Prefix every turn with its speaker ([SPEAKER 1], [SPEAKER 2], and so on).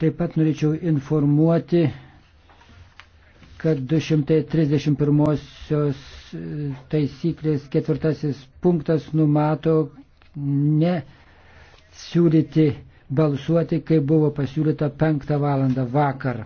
[SPEAKER 1] Taip pat norėčiau informuoti, kad 231 taisyklės ketvirtasis punktas numato ne siūlyti balsuoti, kai buvo pasiūlyta penktą valandą vakar.